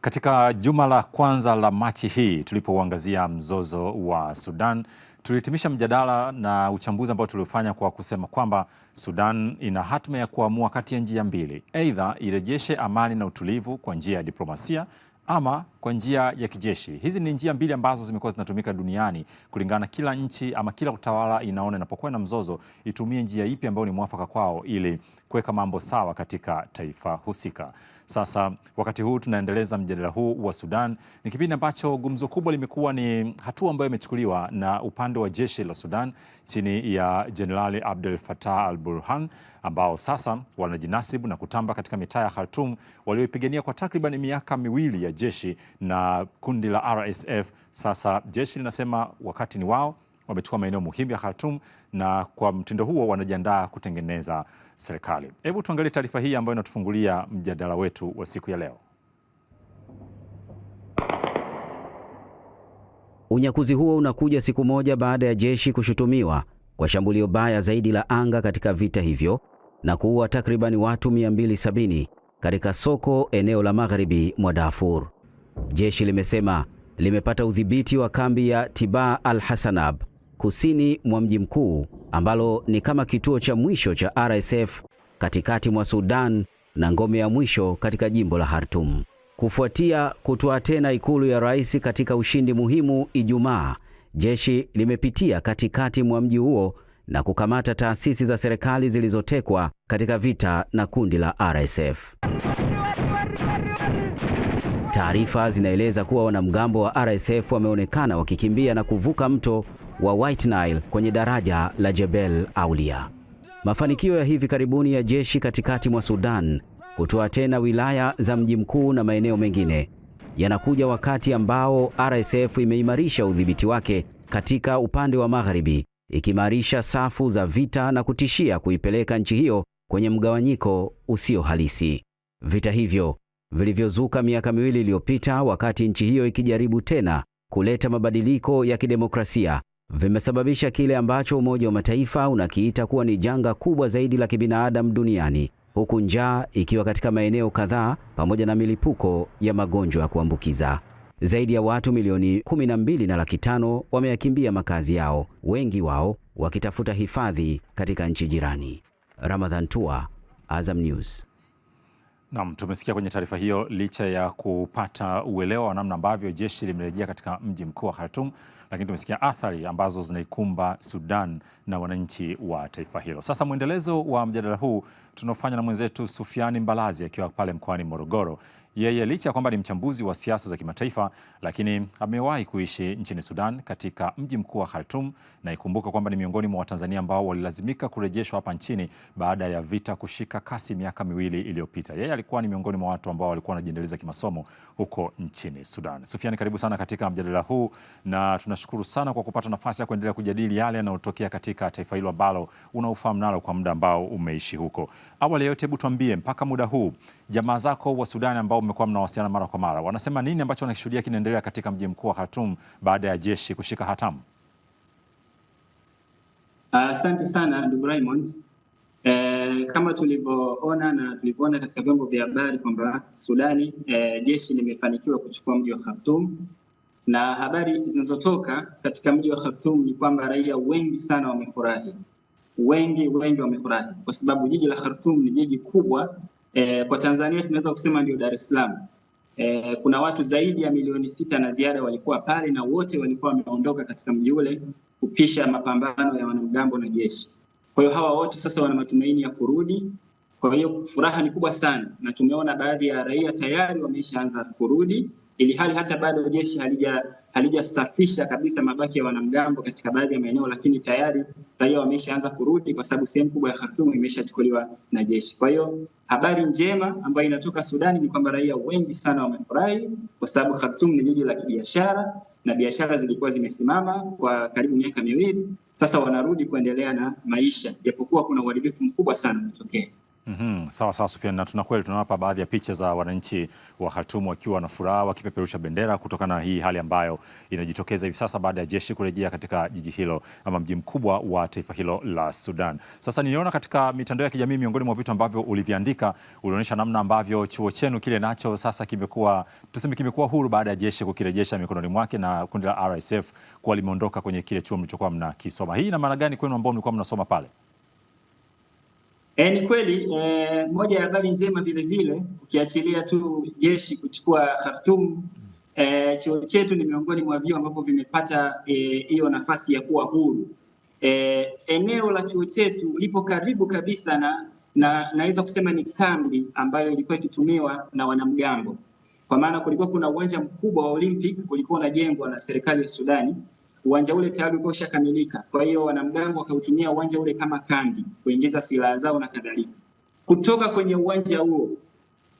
Katika juma la kwanza la Machi hii tulipouangazia mzozo wa Sudan, tulihitimisha mjadala na uchambuzi ambao tuliofanya kwa kusema kwamba Sudan ina hatma ya kuamua kati ya njia mbili: aidha irejeshe amani na utulivu kwa njia ya diplomasia ama kwa njia ya kijeshi. Hizi ni njia mbili ambazo zimekuwa zinatumika duniani kulingana, kila nchi ama kila utawala inaona inapokuwa na mzozo itumie njia ipi ambayo ni mwafaka kwao ili kuweka mambo sawa katika taifa husika. Sasa wakati huu tunaendeleza mjadala huu wa Sudan, ni kipindi ambacho gumzo kubwa limekuwa ni hatua ambayo imechukuliwa na upande wa jeshi la Sudan chini ya Jenerali Abdel Fattah al-Burhan ambao sasa wanajinasibu na kutamba katika mitaa ya khartum walioipigania kwa takriban miaka miwili ya jeshi na kundi la RSF. Sasa jeshi linasema wakati ni wao wamechukua maeneo muhimu ya Khartoum na kwa mtindo huo wanajiandaa kutengeneza serikali. Hebu tuangalie taarifa hii ambayo inatufungulia mjadala wetu wa siku ya leo. Unyakuzi huo unakuja siku moja baada ya jeshi kushutumiwa kwa shambulio baya zaidi la anga katika vita hivyo na kuua takribani watu 270 katika soko eneo la magharibi mwa Darfur. Jeshi limesema limepata udhibiti wa kambi ya Tiba al-Hasanab kusini mwa mji mkuu ambalo ni kama kituo cha mwisho cha RSF katikati mwa Sudan na ngome ya mwisho katika jimbo la Khartoum. Kufuatia kutoa tena ikulu ya rais katika ushindi muhimu Ijumaa, jeshi limepitia katikati mwa mji huo na kukamata taasisi za serikali zilizotekwa katika vita na kundi la RSF. Taarifa zinaeleza kuwa wanamgambo wa RSF wameonekana wakikimbia na kuvuka mto wa White Nile kwenye daraja la Jebel Aulia. Mafanikio ya hivi karibuni ya jeshi katikati mwa Sudan kutoa tena wilaya za mji mkuu na maeneo mengine yanakuja wakati ambao RSF imeimarisha udhibiti wake katika upande wa magharibi, ikimarisha safu za vita na kutishia kuipeleka nchi hiyo kwenye mgawanyiko usio halisi. Vita hivyo vilivyozuka miaka miwili iliyopita, wakati nchi hiyo ikijaribu tena kuleta mabadiliko ya kidemokrasia vimesababisha kile ambacho Umoja wa Mataifa unakiita kuwa ni janga kubwa zaidi la kibinadamu duniani, huku njaa ikiwa katika maeneo kadhaa pamoja na milipuko ya magonjwa ya kuambukiza. Zaidi ya watu milioni 12 na laki tano wameyakimbia makazi yao, wengi wao wakitafuta hifadhi katika nchi jirani. Ramadhan Tua, Azam News. Naam, tumesikia kwenye taarifa hiyo, licha ya kupata uelewa wa namna ambavyo jeshi limerejea katika mji mkuu wa Khartoum lakini tumesikia athari ambazo zinaikumba Sudan na wananchi wa taifa hilo. Sasa mwendelezo wa mjadala huu tunaofanya na mwenzetu Sufiani Mbalazi akiwa pale mkoani Morogoro. Yeye licha ya kwamba ni mchambuzi wa siasa za kimataifa, lakini amewahi kuishi nchini Sudan katika mji mkuu wa Khartoum, na ikumbuka kwamba ni miongoni mwa Watanzania ambao walilazimika kurejeshwa hapa nchini baada ya vita kushika kasi miaka miwili iliyopita. Yeye alikuwa ni miongoni mwa watu ambao walikuwa wanajiendeleza kimasomo huko nchini Sudan. Sufiani, karibu sana katika mjadala huu na tunashukuru sana kwa kupata nafasi ya kuendelea kujadili yale yanayotokea katika taifa hilo ambalo unaufahamu nalo kwa muda ambao umeishi huko. Awali ya yote, hebu tuambie mpaka muda huu Jamaa zako wa Sudan ambao mmekuwa mnawasiliana mara kwa mara, wanasema nini ambacho wanakishuhudia kinaendelea katika mji mkuu wa Khartoum baada ya jeshi kushika hatamu? Asante uh, sana ndugu Raymond. Eh, kama tulivyoona na tulivyoona katika vyombo vya habari kwamba Sudani eh, jeshi limefanikiwa kuchukua mji wa Khartoum, na habari zinazotoka katika mji wa Khartoum ni kwamba raia wengi sana wamefurahi, wengi wengi wamefurahi kwa sababu jiji la Khartoum ni jiji kubwa E, kwa Tanzania tunaweza kusema ndio Dar es Salaam. E, kuna watu zaidi ya milioni sita na ziada walikuwa pale na wote walikuwa wameondoka katika mji ule kupisha mapambano ya wanamgambo na jeshi. Kwa hiyo hawa wote sasa wana matumaini ya kurudi. Kwa hiyo furaha ni kubwa sana, na tumeona baadhi ya raia tayari wameshaanza kurudi, ili hali hata bado jeshi halija halijasafisha kabisa mabaki ya wanamgambo katika baadhi ya maeneo, lakini tayari raia wameshaanza kurudi, kwa sababu sehemu kubwa ya Khartoum imeshachukuliwa na jeshi. Kwa hiyo habari njema ambayo inatoka Sudani ni kwamba raia wengi sana wamefurahi, kwa sababu Khartoum ni jiji la kibiashara na biashara zilikuwa zimesimama kwa karibu miaka miwili. Sasa wanarudi kuendelea na maisha, japokuwa kuna uharibifu mkubwa sana umetokea. Mm -hmm. Sawa sawa Sufiani, na tuna kweli tunawapa baadhi ya picha za wananchi wa Khartoum wakiwa na furaha wakipeperusha bendera kutokana na hii hali ambayo inajitokeza hivi sasa baada ya jeshi kurejea katika jiji hilo ama mji mkubwa wa taifa hilo la Sudan. Sasa niliona katika mitandao ya kijamii, miongoni mwa vitu ambavyo uliviandika, ulionyesha namna ambavyo chuo chenu kile nacho sasa kimekuwa tuseme, kimekuwa huru baada ya jeshi kukirejesha mikononi mwake na kundi la RSF kuwa limeondoka kwenye kile chuo mlichokuwa mnakisoma. Hii ina maana gani kwenu ambao mlikuwa mnasoma pale? E, ni kweli e, moja ya habari njema vile vile ukiachilia tu jeshi kuchukua Khartoum e, chuo chetu ni miongoni mwa vyuo ambavyo vimepata e, hiyo e, nafasi ya kuwa huru. E, eneo la chuo chetu lipo karibu kabisa na na naweza kusema ni kambi ambayo ilikuwa ikitumiwa na wanamgambo, kwa maana kulikuwa kuna uwanja mkubwa wa Olympic ulikuwa unajengwa na serikali ya Sudani uwanja ule tayari ulikuwa ushakamilika. Kwa hiyo wanamgambo wakautumia uwanja ule kama kambi kuingiza silaha zao na kadhalika. Kutoka kwenye uwanja huo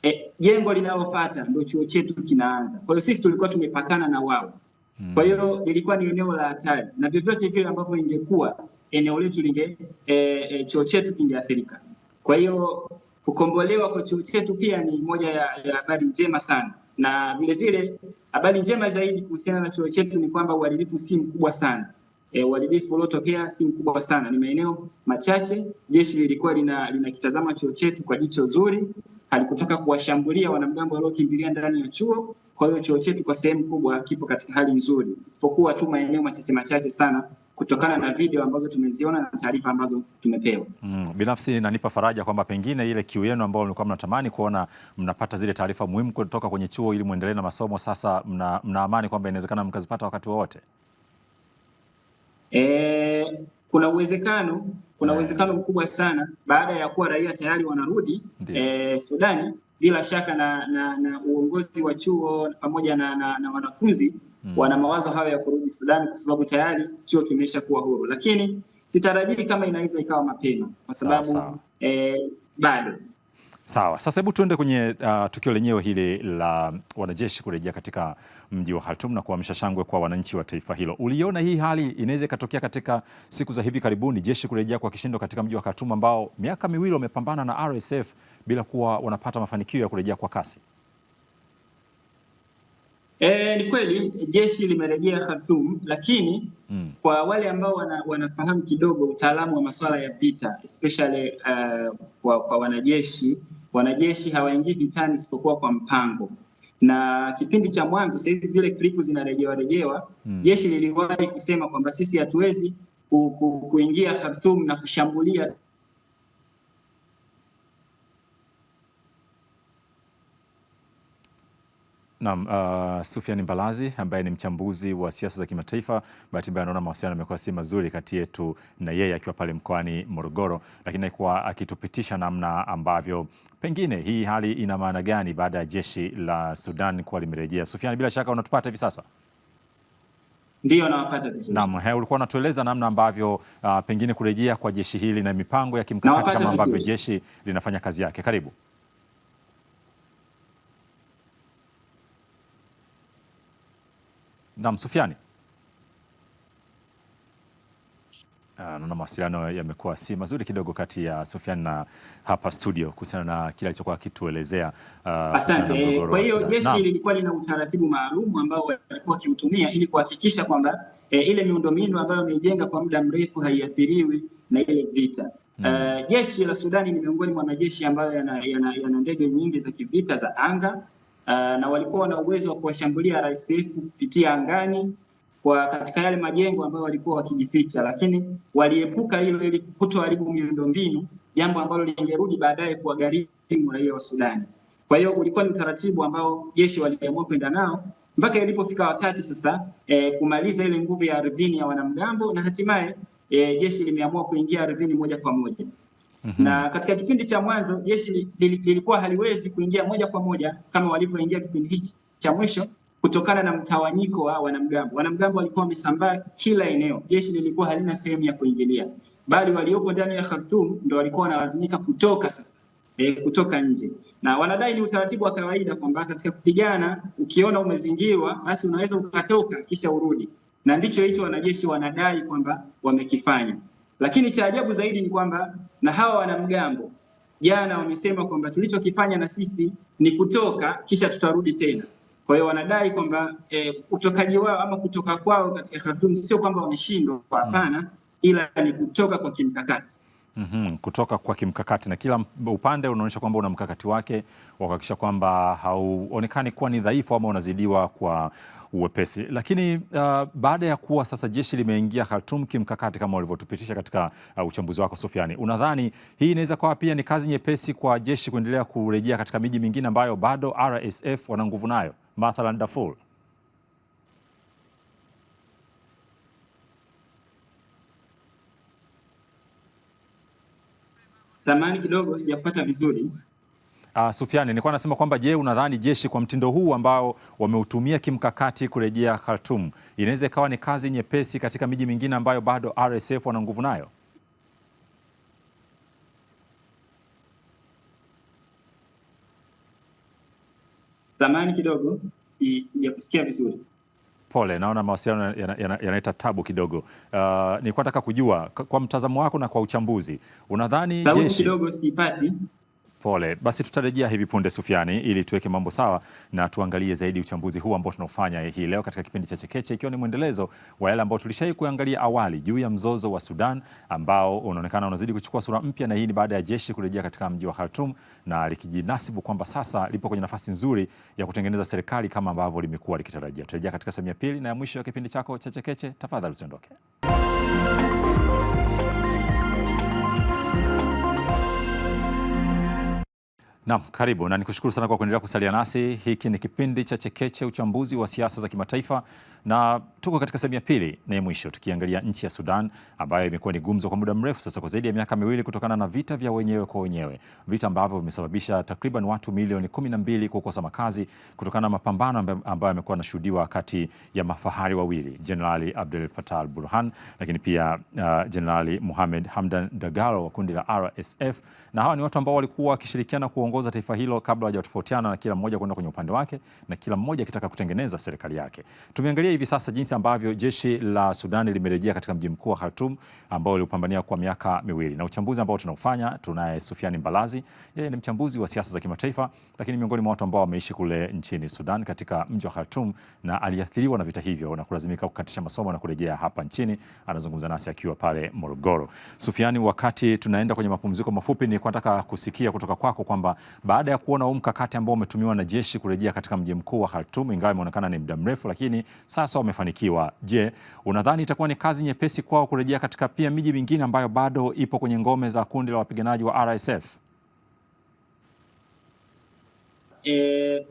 e, jengo linalofuata ndio chuo chetu kinaanza. Kwa hiyo sisi tulikuwa tumepakana na wao, hmm. kwa hiyo ilikuwa ni eneo la hatari, na vyovyote vile ambavyo ingekuwa eneo letu linge e, e, chuo chetu kingeathirika. Kwa hiyo kukombolewa kwa chuo chetu pia ni moja ya habari njema sana na vilevile habari njema zaidi kuhusiana na chuo chetu ni kwamba uharibifu si mkubwa sana. E, uharibifu uliotokea si mkubwa sana, ni maeneo machache. Jeshi lilikuwa linakitazama chuo chetu kwa jicho zuri, halikutaka kuwashambulia wanamgambo waliokimbilia ndani ya chuo. Kwa hiyo chuo chetu kwa sehemu kubwa kipo katika hali nzuri, isipokuwa tu maeneo machache machache sana kutokana na video ambazo tumeziona na taarifa ambazo tumepewa. Mm, binafsi inanipa faraja kwamba pengine ile kiu yenu ambayo mlikuwa mnatamani kuona mnapata zile taarifa muhimu kutoka kwenye chuo ili muendelee na masomo, sasa mna, mna amani kwamba inawezekana mkazipata wakati wowote. Eh, kuna uwezekano kuna eh. uwezekano mkubwa sana baada ya kuwa raia tayari wanarudi eh, Sudani bila shaka na, na, na uongozi wa chuo pamoja na, na, na wanafunzi mm. wana mawazo hayo ya kurudi Sudani kwa sababu tayari chuo kimesha kuwa huru, lakini sitarajii kama inaweza ikawa mapema kwa sababu sawa, Eh, bado Sawa, sasa hebu tuende kwenye uh, tukio lenyewe hili la wanajeshi kurejea katika mji wa Khartoum na kuamsha shangwe kwa wananchi wa taifa hilo. Uliona hii hali inaweza ikatokea katika siku za hivi karibuni, jeshi kurejea kwa kishindo katika mji wa Khartoum ambao miaka miwili wamepambana na RSF bila kuwa wanapata mafanikio ya kurejea kwa kasi? E, ni kweli jeshi limerejea Khartoum, lakini mm. kwa wale ambao wana, wanafahamu kidogo utaalamu wa masuala ya vita especially uh, kwa, kwa wanajeshi wanajeshi hawaingii vitani isipokuwa kwa mpango na kipindi cha mwanzo, sahizi hizi zile klipu zinarejewa rejewa mm. jeshi liliwahi kusema kwamba sisi hatuwezi kuingia Khartoum na kushambulia Naam, uh, Sufiani Mbalazi ambaye ni mchambuzi wa siasa za kimataifa, bahati mbaya anaona mawasiliano yamekuwa si mazuri kati yetu na yeye akiwa pale mkoani Morogoro, lakini alikuwa akitupitisha namna ambavyo pengine hii hali ina maana gani baada ya jeshi la Sudan kuwa limerejea. Sufiani, bila shaka unatupata hivi sasa? Ndiyo, nawapata vizuri. Naam, ulikuwa unatueleza namna ambavyo uh, pengine kurejea kwa jeshi hili na mipango ya kimkakati kama ambavyo jeshi linafanya kazi yake. Karibu. Naam, Sufiani, ah, naona mawasiliano yamekuwa si mazuri kidogo kati ya Sufiani na hapa studio kuhusiana na kile alichokuwa akituelezea. Uh, asante. Kwa hiyo jeshi lilikuwa lina utaratibu maalum ambao walikuwa wakiutumia ili kuhakikisha kwamba e, ile miundombinu ambayo imejenga kwa muda mrefu haiathiriwi na ile vita. Hmm. Eh, jeshi hmm. uh, la Sudani ni miongoni mwa majeshi ambayo yana, yana, yana ndege nyingi za kivita za anga uh, na walikuwa na uwezo wa kuwashambulia RSF kupitia angani kwa katika yale majengo ambayo walikuwa wakijificha, lakini waliepuka hilo ili kutoharibu miundombinu, jambo ambalo lingerudi baadaye kuwagharimu raia wa Sudani. Kwa hiyo ulikuwa ni utaratibu ambao jeshi waliamua kwenda nao mpaka ilipofika wakati sasa e, kumaliza ile nguvu ya ardhini ya wanamgambo na hatimaye e, jeshi limeamua kuingia ardhini moja kwa moja. -hmm. na katika kipindi cha mwanzo jeshi lilikuwa haliwezi kuingia moja kwa moja kama walivyoingia kipindi hiki cha mwisho kutokana na mtawanyiko wa wanamgambo. Wanamgambo walikuwa wamesambaa kila eneo, jeshi lilikuwa halina sehemu ya kuingilia, bali waliopo ndani ya Khartoum ndio walikuwa wanalazimika kutoka sasa e, kutoka nje, na wanadai ni utaratibu wa kawaida kwamba katika kupigana, ukiona umezingirwa, basi unaweza ukatoka kisha urudi, na ndicho hicho wanajeshi wanadai kwamba wamekifanya. Lakini cha ajabu zaidi ni kwamba na hawa wanamgambo jana wamesema kwamba tulichokifanya na sisi ni kutoka kisha tutarudi tena. Kwa hiyo wanadai kwamba e, utokaji wao ama kutoka kwao katika Khartoum sio kwamba wameshindwa, hapana, ila ni kutoka kwa kimkakati mm -hmm, kutoka kwa kimkakati na kila upande unaonyesha kwamba una mkakati wake wa kuhakikisha kwamba hauonekani kuwa ni dhaifu ama unazidiwa kwa uwepesi. Lakini uh, baada ya kuwa sasa jeshi limeingia Khartoum kimkakati kama walivyotupitisha katika uh, uchambuzi wako Sofiani, unadhani hii inaweza kuwa pia ni kazi nyepesi kwa jeshi kuendelea kurejea katika miji mingine ambayo bado RSF wana nguvu nayo, mathalan Darfur? Samahani kidogo sijapata vizuri. Uh, ah, Sufiani, nilikuwa nasema kwamba je, unadhani jeshi kwa mtindo huu ambao wameutumia kimkakati kurejea Khartoum inaweza ikawa ni kazi nyepesi katika miji mingine ambayo bado RSF wana nguvu nayo? Samahani kidogo sijakusikia vizuri. Pole, naona mawasiliano yanaleta yana, tabu kidogo. Uh, nilikuwa nataka kujua kwa mtazamo wako na kwa uchambuzi unadhani jeshi kidogo sipati Pole. Basi tutarejea hivi punde Sufiani, ili tuweke mambo sawa na tuangalie zaidi uchambuzi huu ambao tunaofanya hii leo katika kipindi cha Chekeche, ikiwa ni mwendelezo wa yale ambao tulishai kuangalia awali juu ya mzozo wa Sudan ambao unaonekana unazidi kuchukua sura mpya, na hii ni baada ya jeshi kurejea katika mji wa Khartoum na likijinasibu kwamba sasa lipo kwenye nafasi nzuri ya kutengeneza serikali kama ambavyo limekuwa likitarajia. Tutarejea katika sehemu ya pili na ya mwisho ya kipindi chako cha Chekeche. Tafadhali usiondoke. Naam, karibu na nikushukuru sana kwa kuendelea kusalia nasi. Hiki ni kipindi cha Chekeche, uchambuzi wa siasa za kimataifa na tuko katika sehemu ya pili na ya mwisho tukiangalia nchi ya Sudan ambayo imekuwa ni gumzo kwa muda mrefu sasa, kwa zaidi ya miaka miwili kutokana na vita vya wenyewe kwa wenyewe, vita ambavyo vimesababisha takriban watu milioni kumi na mbili kukosa makazi kutokana na mapambano ambayo yamekuwa yanashuhudiwa kati ya mafahari wawili, Jenerali Abdel Fattah al-Burhan, lakini pia uh, Jenerali uh, Mohamed Hamdan Dagalo wa kundi la RSF, na hawa ni watu ambao walikuwa wakishirikiana kuongoza taifa hilo kabla hawajatofautiana, na kila mmoja kwenda kwenye upande wake na kila mmoja akitaka kutengeneza serikali yake. Tumeangalia hivi sasa jinsi ambavyo jeshi la Sudani limerejea katika mji mkuu wa Khartoum ambao waliupambania kwa miaka miwili, na uchambuzi ambao tunaufanya tunaye Sufiani Mbalazi. Yeye ni mchambuzi wa siasa za kimataifa, lakini miongoni mwa watu ambao wameishi kule nchini Sudan katika mji wa Khartoum, na aliathiriwa na vita hivyo na kulazimika kukatisha masomo na kurejea hapa nchini. Anazungumza nasi akiwa pale Morogoro. Sufiani, wakati tunaenda kwenye mapumziko mafupi, ni kwataka kusikia kutoka kwako kwamba baada ya kuona huu mkakati ambao umetumiwa na jeshi kurejea katika mji mkuu wa Khartoum, ingawa imeonekana ni muda mrefu, lakini sasa wamefanikiwa. Je, unadhani itakuwa ni kazi nyepesi kwao kurejea katika pia miji mingine ambayo bado ipo kwenye ngome za kundi la wapiganaji wa RSF? E,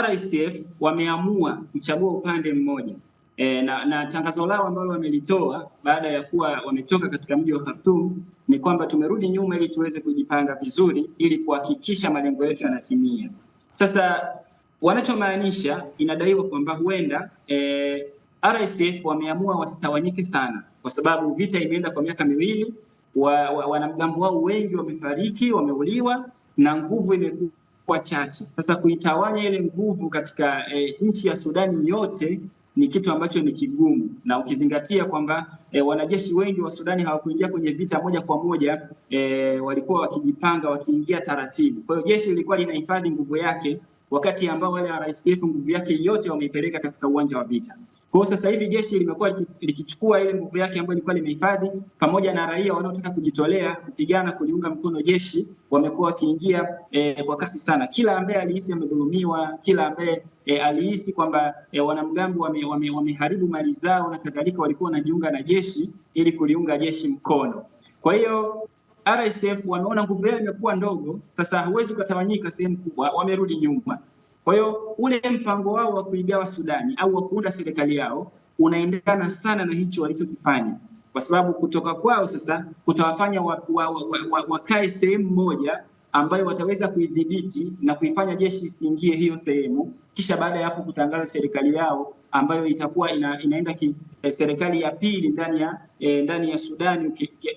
RSF wameamua kuchagua upande mmoja e, na, na tangazo lao ambalo wamelitoa baada ya kuwa wametoka katika mji wa Khartoum ni kwamba tumerudi nyuma ili tuweze kujipanga vizuri ili kuhakikisha malengo yetu yanatimia. Sasa Wanachomaanisha, inadaiwa kwamba huenda eh, RSF wameamua wasitawanyike sana, kwa sababu vita imeenda kwa miaka miwili, wanamgambo wa, wa, wao wengi wamefariki, wameuliwa na nguvu imekuwa chache. Sasa kuitawanya ile nguvu katika eh, nchi ya Sudani yote ni kitu ambacho ni kigumu, na ukizingatia kwamba eh, wanajeshi wengi wa Sudani hawakuingia kwenye vita moja kwa moja eh, walikuwa wakijipanga, wakiingia taratibu. Kwa hiyo jeshi lilikuwa linahifadhi nguvu yake wakati ambao wale RSF nguvu yake yote wameipeleka katika uwanja wa vita. Kwa sasa hivi jeshi limekuwa likichukua ile nguvu yake ambayo ilikuwa limehifadhi, pamoja na raia wanaotaka kujitolea kupigana kuliunga mkono jeshi, wamekuwa wakiingia e, kwa kasi sana. Kila ambaye alihisi amedhulumiwa, kila ambaye e, alihisi kwamba e, wanamgambo wameharibu wame, wame mali zao na kadhalika, walikuwa wanajiunga na jeshi ili kuliunga jeshi mkono. Kwa hiyo RSF wameona nguvu yao imekuwa ndogo, sasa huwezi ukatawanyika sehemu kubwa, wamerudi nyuma. Kwa hiyo ule mpango wao wa kuigawa Sudani au wa kuunda serikali yao unaendana sana na hicho walichokifanya, kwa sababu kutoka kwao sasa kutawafanya wakae wa, wa, wa, wa, wa sehemu moja ambayo wataweza kuidhibiti na kuifanya jeshi isiingie hiyo sehemu, kisha baada ya hapo kutangaza serikali yao ambayo itakuwa ina, inaenda ki, eh, serikali ya pili ndani ya eh, ndani ya Sudani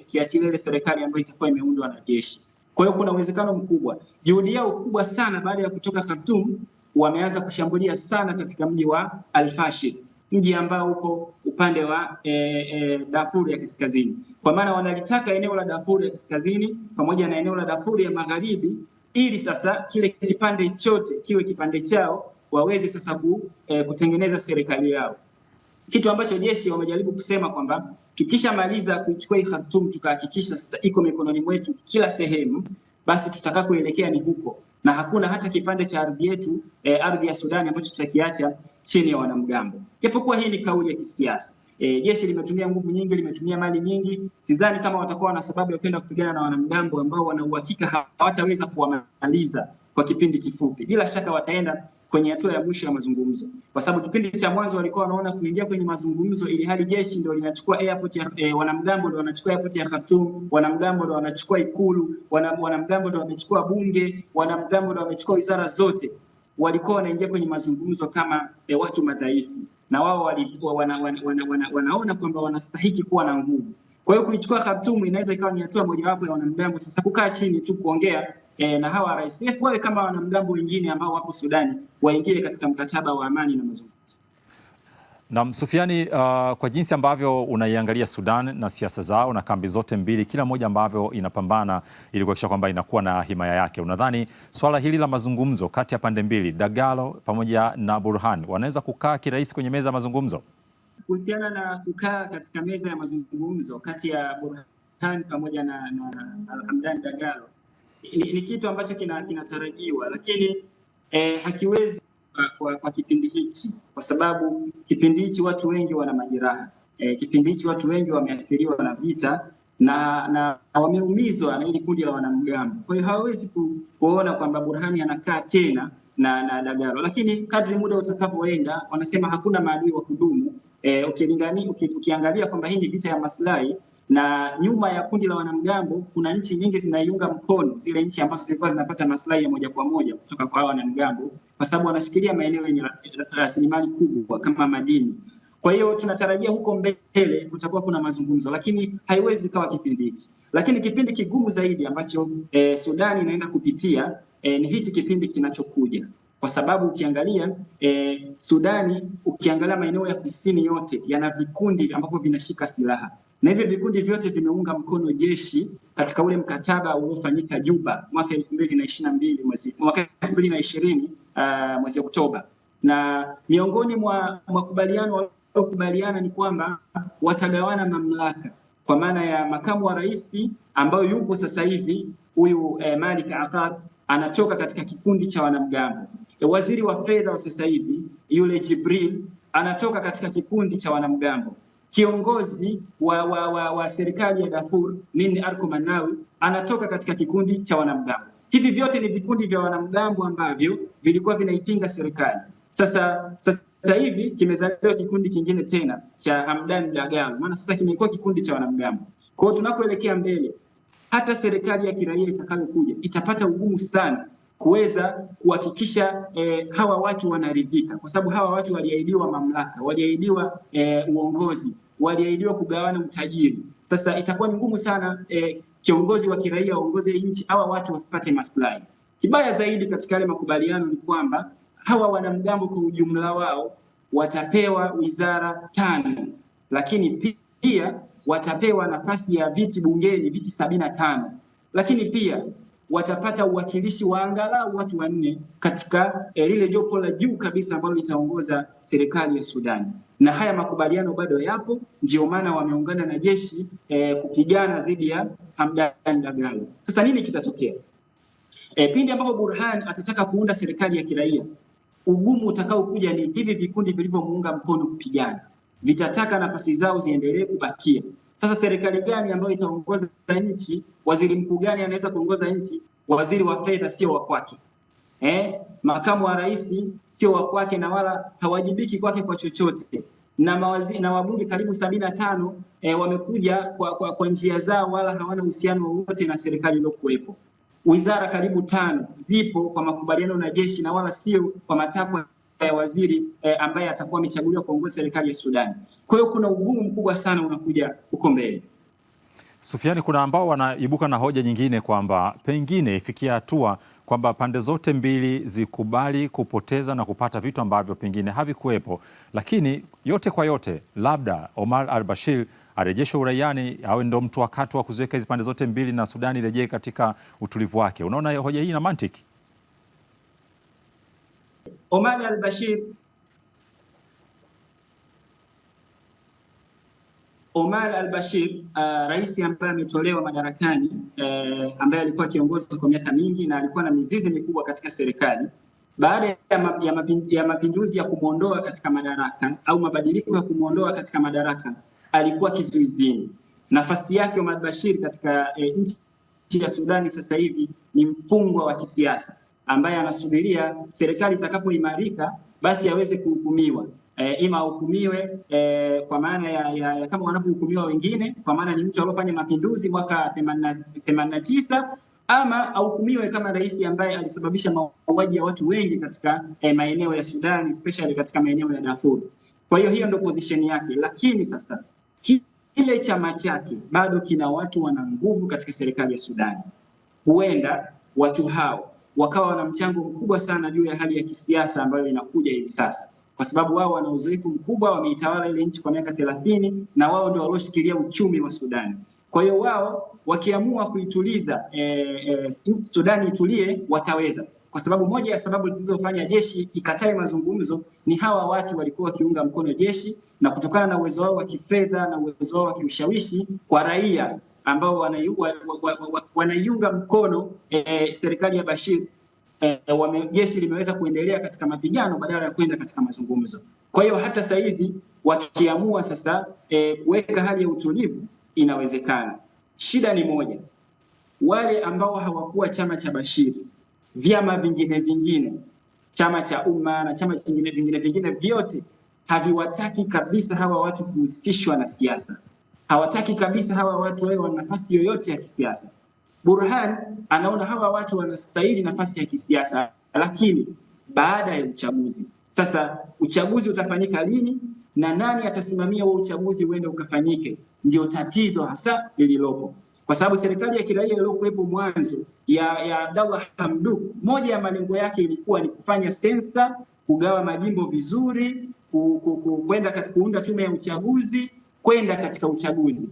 ukiachilia ile serikali ambayo itakuwa imeundwa na jeshi. Kwa hiyo kuna uwezekano mkubwa, juhudi yao kubwa sana baada ya kutoka Khartoum, wameanza kushambulia sana katika mji wa Al-Fashir mji ambao uko upande wa e, e, Darfur ya Kaskazini, kwa maana wanalitaka eneo la Darfur ya Kaskazini pamoja na eneo la Darfur ya Magharibi, ili sasa kile kipande chote kiwe kipande chao, waweze sasa ku, e, kutengeneza serikali yao, kitu ambacho jeshi wamejaribu kusema kwamba tukishamaliza kuichukua hii Khartoum tukahakikisha sasa iko mikononi mwetu kila sehemu, basi tutakakoelekea ni huko na hakuna hata kipande cha ardhi yetu e, ardhi ya Sudani ambacho tutakiacha chini ya wanamgambo, japokuwa hii ni kauli ya kisiasa. E, jeshi limetumia nguvu nyingi, limetumia mali nyingi. Sidhani kama watakuwa na sababu ya kwenda kupigana na wanamgambo ambao wana uhakika hawataweza kuwamaliza kwa kipindi kifupi. Bila shaka wataenda kwenye hatua ya mwisho ya mazungumzo, kwa sababu kipindi cha mwanzo walikuwa wanaona kuingia kwenye mazungumzo, ili hali jeshi ndio linachukua airport ya e, wanamgambo ndio wanachukua airport ya Khartoum, wanamgambo ndio wanachukua ikulu, wanamgambo ndio wamechukua bunge, wanamgambo ndio wamechukua wizara zote walikuwa wanaingia kwenye mazungumzo kama e, watu madhaifu na wao walikuwa wana, wana, wana, wana, wanaona kwamba wanastahiki kuwa na nguvu. Kwa hiyo kuichukua Khartoum inaweza ikawa ni hatua mojawapo ya wanamgambo sasa kukaa chini tu kuongea e, na hawa RSF wawe kama wanamgambo wengine ambao wapo Sudani, waingie katika mkataba wa amani na mazungumzo. Na Sufiani, uh, kwa jinsi ambavyo unaiangalia Sudan na siasa zao na kambi zote mbili, kila moja ambavyo inapambana ili kuhakikisha kwamba inakuwa na himaya yake, unadhani swala hili la mazungumzo kati ya pande mbili, Dagalo pamoja na Burhan, wanaweza kukaa kirahisi kwenye meza ya mazungumzo? Kuhusiana na kukaa katika meza ya mazungumzo kati ya Burhan pamoja na, na Hamdan Dagalo ni, ni kitu ambacho kinatarajiwa kina, lakini eh, hakiwezi kwa, kwa kipindi hichi, kwa sababu kipindi hichi watu wengi wana majeraha e, kipindi hichi watu wengi wameathiriwa na vita na na wameumizwa na hili kundi la wanamgambo. Kwa hiyo hawawezi kuona kwamba Burhani anakaa tena na na Dagalo, lakini kadri muda utakapoenda wanasema hakuna maadui wa kudumu e, ukilingani uki, ukiangalia kwamba hii ni vita ya maslahi na nyuma ya kundi la wanamgambo kuna nchi nyingi zinaiunga mkono zile nchi ambazo zilikuwa zinapata maslahi ya moja kwa moja kutoka kwa wanamgambo, kwa sababu wanashikilia maeneo yenye rasilimali kubwa kama madini. Kwa hiyo tunatarajia huko mbele kutakuwa kuna mazungumzo, lakini haiwezi kawa kipindi hichi. Lakini kipindi kigumu zaidi ambacho eh, Sudani inaenda kupitia eh, ni hichi kipindi kinachokuja kwa sababu ukiangalia eh, Sudani, ukiangalia maeneo ya kusini yote yana vikundi ambavyo vinashika silaha na hivyo vikundi vyote vimeunga mkono jeshi katika ule mkataba uliofanyika Juba mwaka elfu mbili na ishirini na mbili mwezi mwaka elfu mbili na ishirini uh, mwezi Oktoba, na miongoni mwa makubaliano waliokubaliana ni kwamba watagawana mamlaka kwa maana ya makamu wa rais ambayo yupo sasa hivi huyu eh, Malik Aqab anatoka katika kikundi cha wanamgambo. E, waziri wa fedha wa sasa hivi yule Jibril anatoka katika kikundi cha wanamgambo. Kiongozi wa, wa, wa, wa serikali ya Darfur Minni Arko Manawi anatoka katika kikundi cha wanamgambo. Hivi vyote ni vikundi vya wanamgambo ambavyo vilikuwa vinaipinga serikali. Sasa, sasa hivi kimezaliwa kikundi kingine tena cha Hamdan Dagalo, maana sasa kimekuwa kikundi cha wanamgambo. Kwa hiyo tunakoelekea mbele, hata serikali ya kiraia itakayokuja itapata ugumu sana kuweza kuhakikisha eh, hawa watu wanaridhika, kwa sababu hawa watu waliahidiwa mamlaka, waliahidiwa eh, uongozi, waliahidiwa kugawana utajiri. Sasa itakuwa ni ngumu sana e, kiongozi wa kiraia waongoze nchi, hawa watu wasipate maslahi. Kibaya zaidi katika yale makubaliano ni kwamba hawa wanamgambo kwa ujumla wao watapewa wizara tano, lakini pia watapewa nafasi ya viti bungeni, viti sabini na tano, lakini pia watapata uwakilishi wa angalau watu wanne katika eh, lile jopo la juu kabisa ambalo litaongoza serikali ya Sudani na haya makubaliano bado yapo, ndio maana wameungana na jeshi e, kupigana dhidi ya Hamdan Dagalo. Sasa nini kitatokea? E, pindi ambapo Burhan atataka kuunda serikali ya kiraia, ugumu utakaokuja ni hivi vikundi vilivyomuunga mkono kupigana vitataka nafasi zao ziendelee kubakia. Sasa serikali gani ambayo itaongoza nchi? Waziri mkuu gani anaweza kuongoza nchi? Waziri wa fedha sio wa kwake eh, makamu wa rais sio wa kwake na wala hawajibiki kwake kwa chochote na mawazi, na wabunge karibu sabini na tano eh, wamekuja kwa, kwa, kwa njia zao wala hawana uhusiano wowote na serikali iliyokuwepo. Wizara karibu tano zipo kwa makubaliano na jeshi na wala sio kwa matakwa ya waziri eh, ambaye atakuwa amechaguliwa kuongoza serikali ya Sudani. Kwa hiyo kuna ugumu mkubwa sana unakuja huko mbele. Sufiani, kuna ambao wanaibuka na hoja nyingine kwamba pengine ifikia hatua kwamba pande zote mbili zikubali kupoteza na kupata vitu ambavyo pengine havikuwepo, lakini yote kwa yote, labda Omar al-Bashir arejeshwe uraiani, awe ndo mtu wakati wa kuziweka hizi pande zote mbili na Sudani irejee katika utulivu wake. Unaona hoja hii na mantiki Omar al-Bashir Omar al-Bashir uh, rais ambaye ametolewa madarakani eh, ambaye alikuwa kiongozi kwa miaka mingi na alikuwa na mizizi mikubwa katika serikali. Baada ya mapinduzi ya kumwondoa katika madaraka au mabadiliko ya kumwondoa katika madaraka, alikuwa kizuizini. Nafasi yake Omar al-Bashir katika eh, nchi ya Sudani sasa hivi ni mfungwa wa kisiasa ambaye anasubiria serikali itakapoimarika basi aweze kuhukumiwa e, ima ahukumiwe e, kwa maana ya, ya, ya kama wanavyohukumiwa wengine, kwa maana ni mtu aliyofanya mapinduzi mwaka 89 ama ahukumiwe kama rais ambaye alisababisha mauaji ya watu wengi katika e, maeneo ya Sudan especially katika maeneo ya Darfur. Kwa hiyo hiyo ndio position yake, lakini sasa kile chama chake bado kina watu wana nguvu katika serikali ya Sudan. Huenda watu hao wakawa na mchango mkubwa sana juu ya hali ya kisiasa ambayo inakuja hivi sasa kwa sababu wao wana uzoefu mkubwa, wameitawala ile nchi kwa miaka thelathini na wao ndio walioshikilia uchumi wa Sudani. Kwa hiyo wao wakiamua kuituliza e, e, Sudani itulie wataweza, kwa sababu moja ya sababu zilizofanya jeshi ikatae mazungumzo ni hawa watu walikuwa wakiunga mkono jeshi, na kutokana na uwezo wao wa kifedha na uwezo wao wa kiushawishi kwa raia ambao wanaiunga mkono e, serikali ya Bashir eh, limeweza kuendelea katika mapigano badala ya kwenda katika mazungumzo. Kwa hiyo hata saa hizi wakiamua sasa eh, hali ya utulivu inawezekana. Shida ni moja, wale ambao hawakuwa chama cha Bashiri, vyama vingine vingine, chama cha umma na chama chingine vingine vingine, vyote haviwataki kabisa hawa watu kuhusishwa na siasa, hawataki kabisa hawa watu wawe wana nafasi yoyote ya kisiasa. Burhan anaona hawa watu wanastahili nafasi ya kisiasa, lakini baada ya uchaguzi. Sasa uchaguzi utafanyika lini na nani atasimamia huo uchaguzi uende ukafanyike, ndio tatizo hasa lililopo, kwa sababu serikali ya kiraia iliyokuwepo mwanzo ya, ya Abdallah Hamdok, moja ya malengo yake ilikuwa ni kufanya sensa, kugawa majimbo vizuri, kwenda kuunda tume ya uchaguzi, kwenda katika uchaguzi.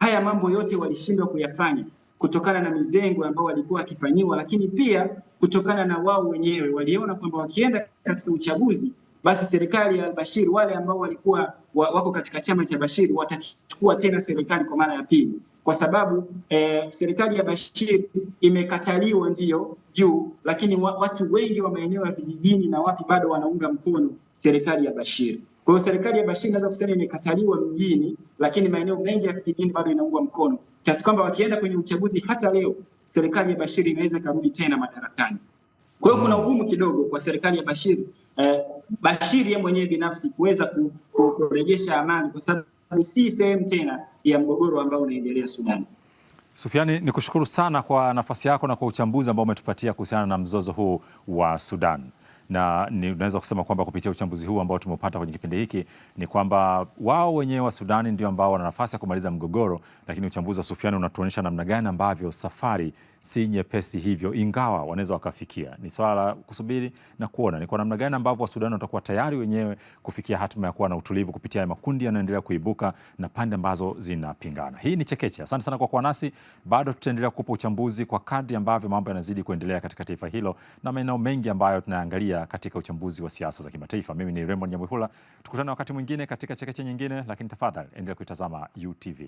Haya mambo yote walishindwa kuyafanya kutokana na mizengo ambao walikuwa wakifanyiwa, lakini pia kutokana na wao wenyewe waliona kwamba wakienda katika uchaguzi basi serikali ya Bashir, wale ambao walikuwa wako katika chama cha bashir watachukua tena serikali kwa mara ya pili, kwa sababu eh, serikali ya Bashir imekataliwa ndiyo juu, lakini watu wengi wa maeneo ya vijijini na wapi bado wanaunga mkono serikali ya bashir Kwa hiyo serikali ya Bashir naweza kusema imekataliwa mjini, lakini maeneo mengi ya vijijini bado inaungwa mkono kiasi kwamba wakienda kwenye uchaguzi hata leo serikali ya Bashir inaweza ikarudi tena madarakani. Kwa hiyo kuna mm. ugumu kidogo kwa serikali ya Bashir eh, Bashir yeye mwenyewe binafsi kuweza kurejesha amani, kwa sababu si sehemu tena ya mgogoro ambao unaendelea Sudan. Sufiani, ni kushukuru sana kwa nafasi yako na kwa uchambuzi ambao umetupatia kuhusiana na mzozo huu wa Sudan na unaweza kusema kwamba kupitia uchambuzi huu ambao tumeupata kwenye kipindi hiki ni kwamba wao wenyewe wa Sudani ndio ambao wana nafasi ya kumaliza mgogoro, lakini uchambuzi wa Sufiani unatuonyesha namna gani ambavyo safari si nyepesi hivyo, ingawa wanaweza wakafikia. Ni swala la kusubiri na kuona ni kwa namna gani ambavyo Wasudani watakuwa tayari wenyewe kufikia hatima ya kuwa na utulivu kupitia makundi yanayoendelea kuibuka na pande ambazo zinapingana. Hii ni Chekeche. Asante sana kwa kuwa nasi, bado tutaendelea kupa uchambuzi kwa kadri ambavyo mambo yanazidi kuendelea katika taifa hilo na maeneo mengi ambayo tunaangalia katika uchambuzi wa siasa za kimataifa. Mimi ni Raymond Nyamwihula, tukutane wakati mwingine katika Chekeche nyingine, lakini tafadhali endelea kuitazama UTV.